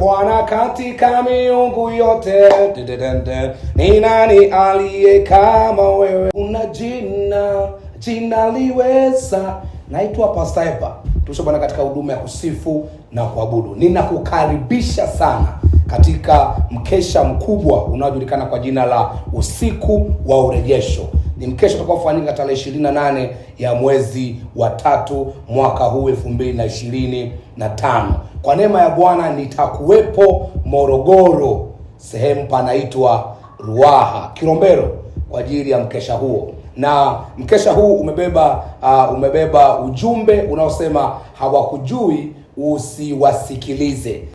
Bwana katika miungu yote. Ni nani aliye kama wewe? Una jina, jina liweza. Naitwa Pastor tusho bwana katika huduma ya kusifu na kuabudu. Ninakukaribisha sana katika mkesha mkubwa unaojulikana kwa jina la usiku wa urejesho ni mkesha utakaofanyika tarehe ishirini na nane ya mwezi wa tatu mwaka huu elfu mbili na ishirini na tano. Kwa neema ya Bwana nitakuwepo Morogoro, sehemu panaitwa Ruaha Kilombero kwa ajili ya mkesha huo, na mkesha huu umebeba uh, umebeba ujumbe unaosema hawakujui usiwasikilize.